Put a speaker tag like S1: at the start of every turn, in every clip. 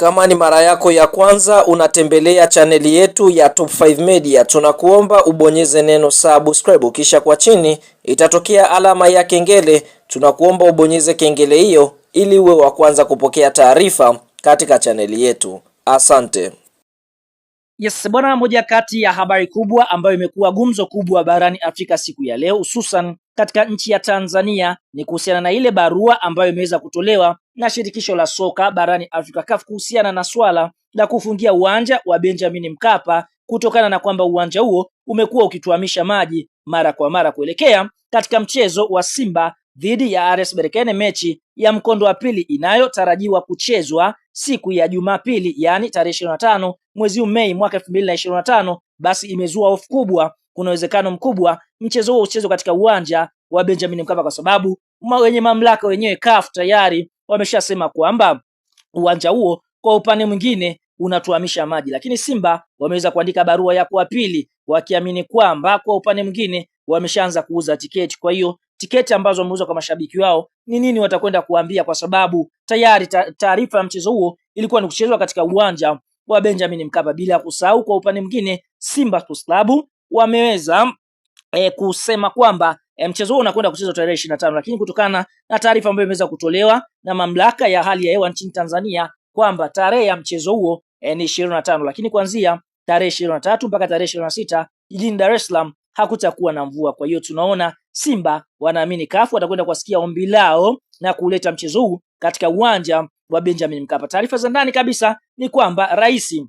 S1: Kama ni mara yako ya kwanza unatembelea chaneli yetu ya Top 5 Media, tunakuomba ubonyeze neno subscribe, kisha kwa chini itatokea alama ya kengele. Tunakuomba ubonyeze kengele hiyo ili uwe wa kwanza kupokea taarifa katika chaneli yetu. Asante.
S2: Yes, bwana, moja kati ya habari kubwa ambayo imekuwa gumzo kubwa barani Afrika siku ya leo hususan katika nchi ya Tanzania ni kuhusiana na ile barua ambayo imeweza kutolewa na shirikisho la soka barani Afrika CAF kuhusiana na swala la kufungia uwanja wa Benjamin Mkapa kutokana na kwamba uwanja huo umekuwa ukituamisha maji mara kwa mara kuelekea katika mchezo wa Simba dhidi ya RS Berkane, mechi ya mkondo wa pili inayotarajiwa kuchezwa siku ya Jumapili, yaani tarehe 25 mwezi Mei mwaka 2025, basi imezua hofu kubwa kuna uwezekano mkubwa mchezo huo uchezwe katika uwanja wa Benjamin Mkapa kwa sababu wenye mamlaka wenyewe CAF tayari wameshasema kwamba uwanja huo kwa upande mwingine unatuhamisha maji, lakini Simba wameweza kuandika barua ya pili wakiamini kwamba kwa upande mwingine wameshaanza kuuza tiketi. Kwa hiyo tiketi ambazo wameuza kwa mashabiki wao ni nini watakwenda kuambia, kwa sababu tayari taarifa ya mchezo huo ilikuwa ni kuchezwa katika uwanja wa Benjamin Mkapa, bila kusahau kwa upande mwingine Simba Sports Club wameweza e, kusema kwamba e, mchezo huo unakwenda kuchezwa tarehe ishirini na tano lakini kutokana na taarifa ambayo imeweza kutolewa na mamlaka ya hali ya hewa nchini Tanzania kwamba tarehe ya mchezo huo e, ni ishirini na tano lakini kuanzia tarehe ishirini na tatu mpaka tarehe ishirini na sita jijini Dar es Salaam hakutakuwa na mvua. Kwa hiyo tunaona Simba wanaamini kafu watakwenda kuwasikia ombi lao na kuleta mchezo huu katika uwanja wa Benjamin Mkapa. Taarifa za ndani kabisa ni kwamba rais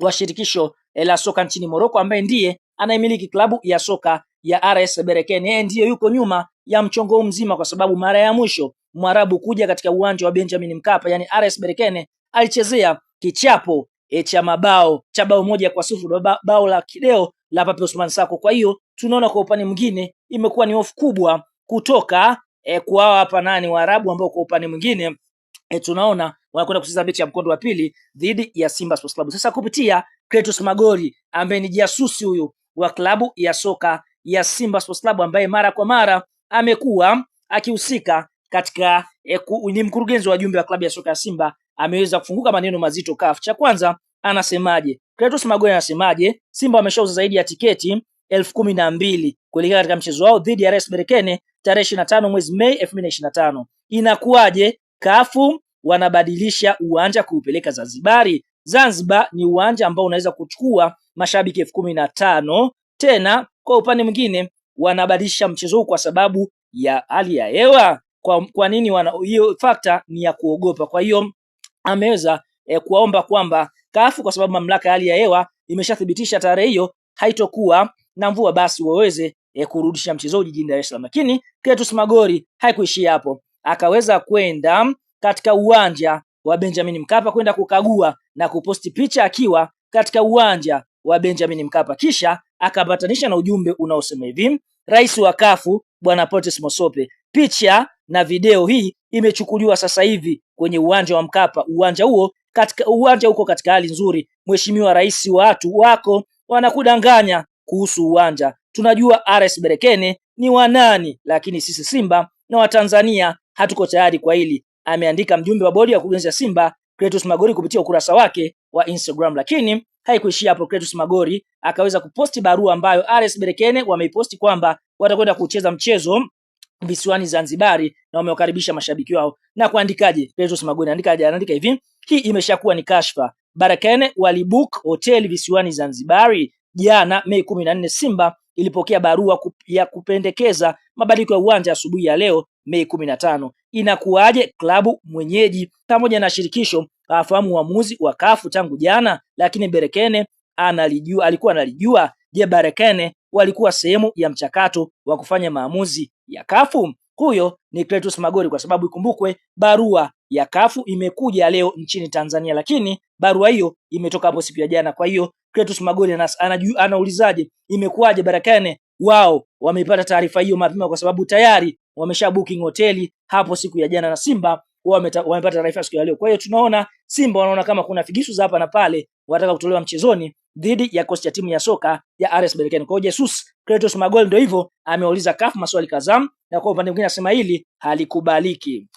S2: wa shirikisho la soka nchini Morocco ambaye ndiye anayemiliki klabu ya soka ya RS Berkane. Yeye ndiyo yuko nyuma ya mchongo mzima, kwa sababu mara ya mwisho Mwarabu kuja katika uwanja wa Benjamin Mkapa, yani RS Berkane alichezea kichapo e cha mabao cha bao moja kwa ba bao la kileo la Pape Osman Sako. Kwa hiyo tunaona kwa upande mwingine imekuwa ni hofu kubwa kutoka e, kwa hapa nani Waarabu ambao kwa upande mwingine e, tunaona wanakwenda kucheza mechi ya mkondo wa pili dhidi ya Simba Sports Club. Sasa kupitia Clatous Magori ambaye ni jasusi huyu wa klabu ya soka ya Simba Sports Club ambaye mara kwa mara amekuwa akihusika katika eh, ku, ni mkurugenzi wa jumbe wa klabu ya soka ya Simba ameweza kufunguka maneno mazito CAF. Cha kwanza anasemaje? Kratos Magoya anasemaje? Simba wameshauza zaidi ya tiketi elfu kumi na mbili kuelekea katika mchezo wao dhidi ya RS Berkane tarehe ishirini na tano mwezi Mei elfu mbili na ishirini na tano. Inakuwaje kafu wanabadilisha uwanja kuupeleka Zanzibari? Zanzibar ni uwanja ambao unaweza kuchukua mashabiki elfu kumi na tano. Tena kwa upande mwingine wanabadilisha mchezo huu kwa sababu ya hali ya hewa. Kwa, kwa nini wana hiyo factor ni ya kuogopa. Kwa hiyo ameweza eh, kuwaomba kwamba kafu kwa sababu mamlaka ya hali ya hewa imeshathibitisha tarehe hiyo haitokuwa na mvua, basi waweze eh, kurudisha mchezo jijini Dar es Salaam. Lakini Clatous Magori haikuishia hapo, akaweza kwenda katika uwanja wa Benjamin Mkapa kwenda kukagua na kuposti picha akiwa katika uwanja wa Benjamin Mkapa, kisha akapatanisha na ujumbe unaosema hivi: Rais wa Kafu Bwana Potis Mosope, picha na video hii imechukuliwa sasa hivi kwenye uwanja wa Mkapa. Uwanja huo katika uwanja uko katika hali nzuri. Mheshimiwa Rais, watu wako wanakudanganya kuhusu uwanja. Tunajua RS Berekene ni wanani, lakini sisi Simba na Watanzania hatuko tayari kwa hili ameandika mjumbe wa bodi ya wakurugenzi ya Simba Kretus Magori kupitia ukurasa wake wa Instagram, lakini haikuishia hapo. Kretus Magori akaweza kuposti barua ambayo RS Berekene wameiposti kwamba watakwenda kucheza mchezo visiwani Zanzibari na wamewakaribisha mashabiki wao. Na kuandikaje? Clatous Magori anaandika anaandika hivi, hii imeshakuwa ni kashfa. Barakene walibook hoteli visiwani Zanzibari jana Mei kumi na nne. Simba ilipokea barua kup ya kupendekeza mabadiliko ya uwanja asubuhi ya leo Mei kumi na tano inakuwaje klabu mwenyeji pamoja na shirikisho afahamu uamuzi wa kafu tangu jana, lakini Berekene analijua, alikuwa analijua. Je, Berekene walikuwa sehemu ya mchakato wa kufanya maamuzi ya kafu? Huyo ni Cletus Magori, kwa sababu ikumbukwe barua ya kafu imekuja leo nchini Tanzania, lakini barua hiyo imetoka hapo siku ya jana. Kwa hiyo Cletus Magori anaulizaje, imekuwaje Berekene wao wameipata taarifa hiyo mapema, kwa sababu tayari wamesha booking hoteli hapo siku ya jana, na Simba wamepata taarifa siku ya leo. Kwa hiyo tunaona Simba wanaona kama kuna figisu za hapa na pale, wanataka kutolewa mchezoni dhidi ya kocha ya timu ya soka ya RS Berkane. Kwa hiyo Jesus Kratos Magol ndio hivyo ameuliza CAF maswali kadhaa, na kwa upande mwingine anasema hili halikubaliki.